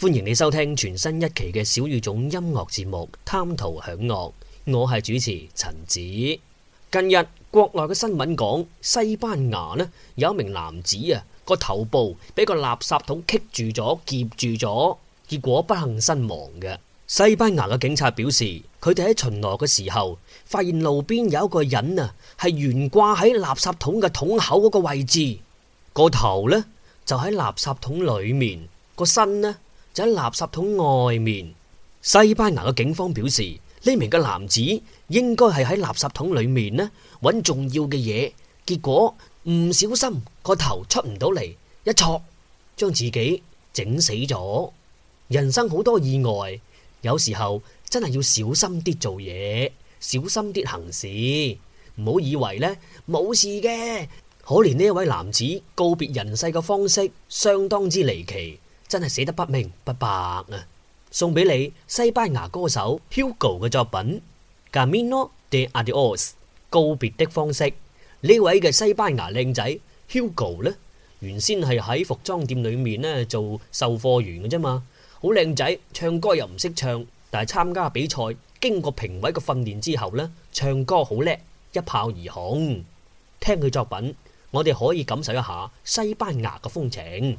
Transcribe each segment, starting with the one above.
歡迎你收聽全新一期嘅小語種音樂節目《貪圖響樂》，我係主持陳子。近日國內嘅新聞講，西班牙呢有一名男子啊個頭部俾個垃圾桶棘住咗，夾住咗，結果不幸身亡嘅。西班牙嘅警察表示，佢哋喺巡邏嘅時候發現路邊有一個人啊，係懸掛喺垃圾桶嘅桶口嗰個位置，個頭呢就喺垃圾桶裏面，個身呢，就喺垃圾桶外面，西班牙嘅警方表示，呢名嘅男子應該係喺垃圾桶裏面呢，揾重要嘅嘢，結果唔小心個頭出唔到嚟，一戳將自己整死咗。人生好多意外，有時候真係要小心啲做嘢，小心啲行事，唔好以為咧冇事嘅。可憐呢一位男子告別人世嘅方式相當之離奇。真係死得不明不白啊！送俾你西班牙歌手 Hugo 嘅作品《Camino de Adios》，告別的方式。呢位嘅西班牙靚仔 Hugo 呢，原先係喺服裝店裏面咧做售貨員嘅啫嘛，好靚仔，唱歌又唔識唱，但係參加比賽，經過評委嘅訓練之後呢，唱歌好叻，一炮而紅。聽佢作品，我哋可以感受一下西班牙嘅風情。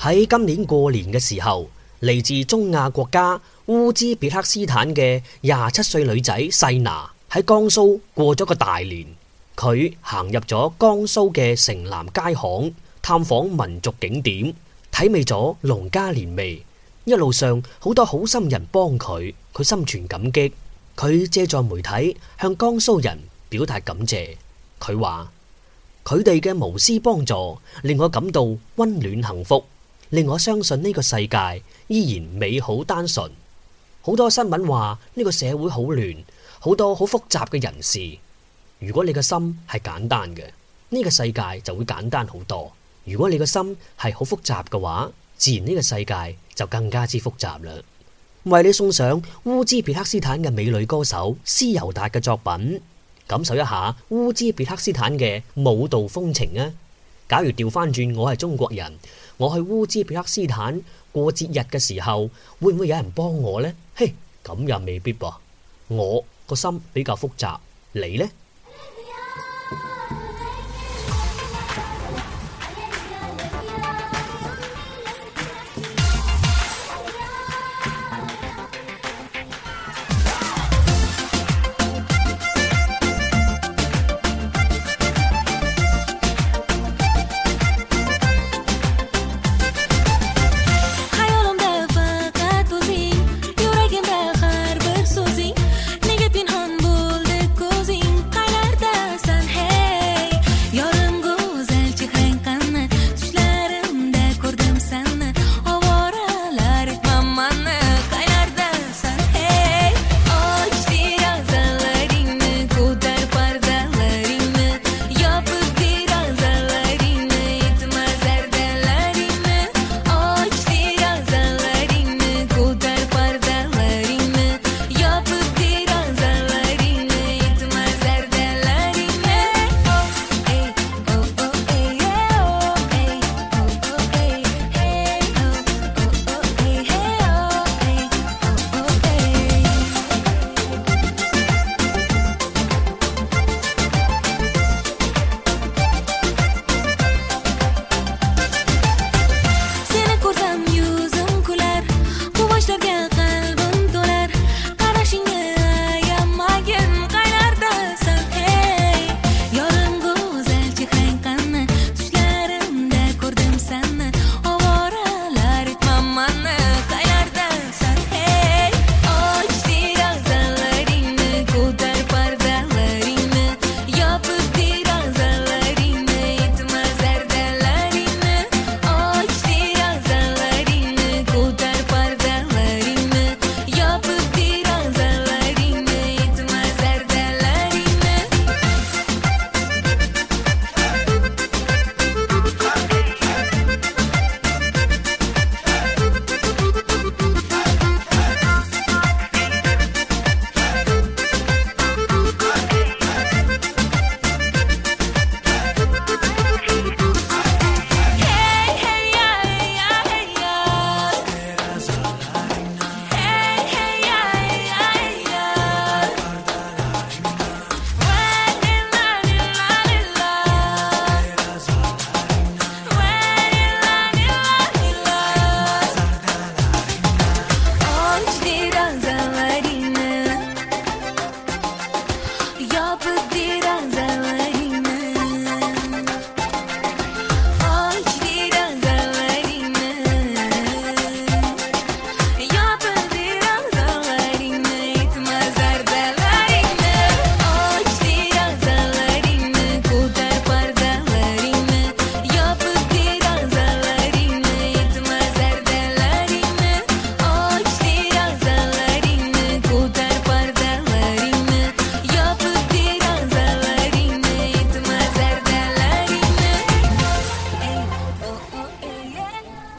喺今年過年嘅時候，嚟自中亞國家烏茲別克斯坦嘅廿七歲女仔細娜喺江蘇過咗個大年。佢行入咗江蘇嘅城南街巷，探訪民族景點，體味咗農家年味。一路上好多好心人幫佢，佢心存感激。佢借助媒體向江蘇人表達感謝。佢話佢哋嘅無私幫助令我感到溫暖幸福。令我相信呢個世界依然美好單純。好多新聞話呢個社會好亂，好多好複雜嘅人士。如果你嘅心係簡單嘅，呢個世界就會簡單好多。如果你嘅心係好複雜嘅話，自然呢個世界就更加之複雜啦。為你送上烏茲別克斯坦嘅美女歌手斯尤達嘅作品，感受一下烏茲別克斯坦嘅舞蹈風情啊！假如調翻轉，我係中國人。我去烏茲別克斯坦過節日嘅時候，會唔會有人幫我呢？嘿，咁也未必噃。我個心比較複雜，你呢？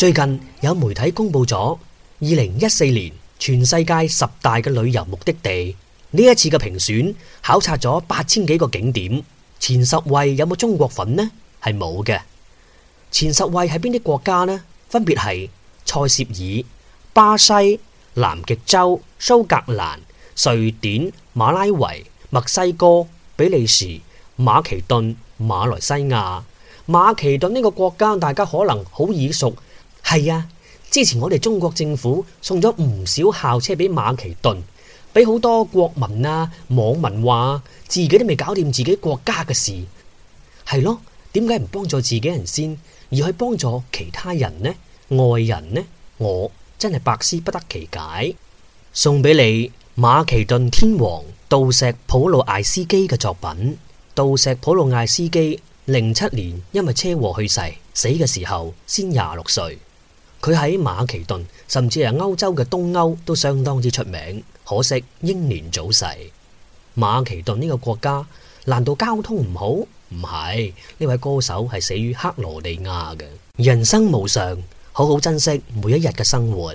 最近有媒體公布咗二零一四年全世界十大嘅旅遊目的地，呢一次嘅評選，考察咗八千幾個景點，前十位有冇中國份呢？係冇嘅。前十位係邊啲國家呢？分別係塞舌爾、巴西、南極洲、蘇格蘭、瑞典、馬拉維、墨西哥、比利時、馬其頓、馬來西亞。馬其頓呢個國家，大家可能好耳熟。係啊！之前我哋中國政府送咗唔少校車俾馬其頓，俾好多國民啊網民話、啊，自己都未搞掂自己國家嘅事，係咯，點解唔幫助自己人先，而去幫助其他人呢？外人呢？我真係百思不得其解。送俾你馬其頓天王杜石普魯艾斯基嘅作品。杜石普魯艾斯基零七年因為車禍去世，死嘅時候先廿六歲。佢喺馬其頓，甚至係歐洲嘅東歐都相當之出名。可惜英年早逝。馬其頓呢個國家難道交通唔好？唔係，呢位歌手係死於克羅地亞嘅。人生無常，好好珍惜每一日嘅生活。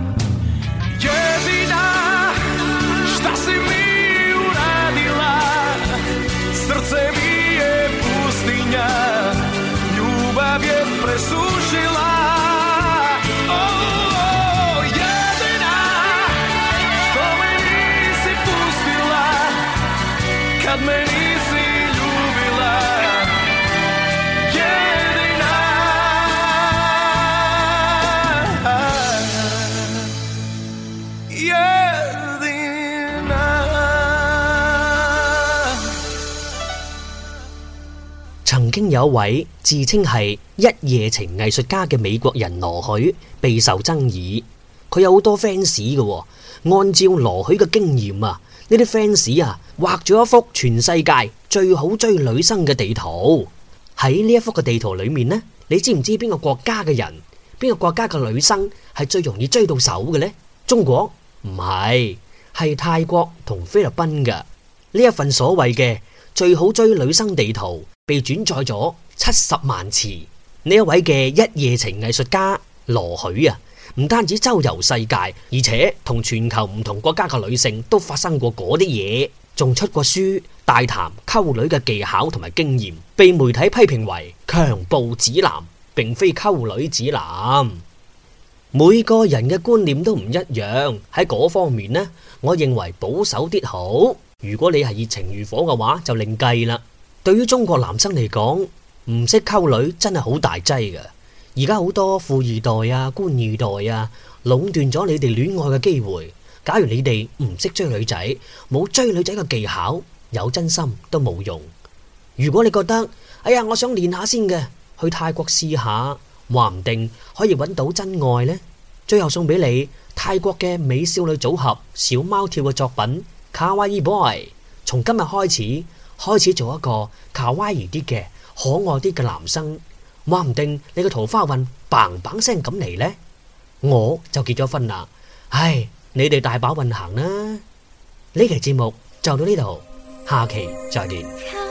曾經有一位自稱係一夜情藝術家嘅美國人羅許備受爭議，佢有好多 fans 嘅。按照羅許嘅經驗啊,呢啲 fans 啊畫咗一幅全世界最好追女生嘅地圖。喺呢一幅嘅地圖裏面呢,你知唔知邊個國家嘅人,邊個國家嘅女生係最容易追到手嘅呢？中國？唔係，係泰國同菲律賓嘅。呢一份所謂嘅最好追女生地圖，被轉載咗七十萬次。呢一位嘅一夜情藝術家羅許啊，唔單止周遊世界，而且同全球唔同國家嘅女性都發生過嗰啲嘢，仲出過書大談溝女嘅技巧同埋經驗，被媒體批評為強暴指南，並非溝女指南。每個人嘅觀念都唔一樣，喺嗰方面呢，我認為保守啲好。如果你係熱情如火嘅話，就另計啦。對於中國男生嚟講，唔識溝女真係好大劑噶而家好多富二代啊、官二代啊，壟斷咗你哋戀愛嘅機會。假如你哋唔識追女仔，冇追女仔嘅技巧，有真心都冇用。如果你覺得，哎呀，我想練下先嘅，去泰國試下，話唔定可以搵到真愛呢。最後送俾你泰國嘅美少女組合小貓跳嘅作品《卡哇伊 Boy》，從今日開始。開始做一個卡哇伊啲嘅可愛啲嘅男生，話唔定你個桃花運砰砰聲咁嚟呢，我就結咗婚啦，唉，你哋大把運行啦。呢期節目就到呢度，下期再見。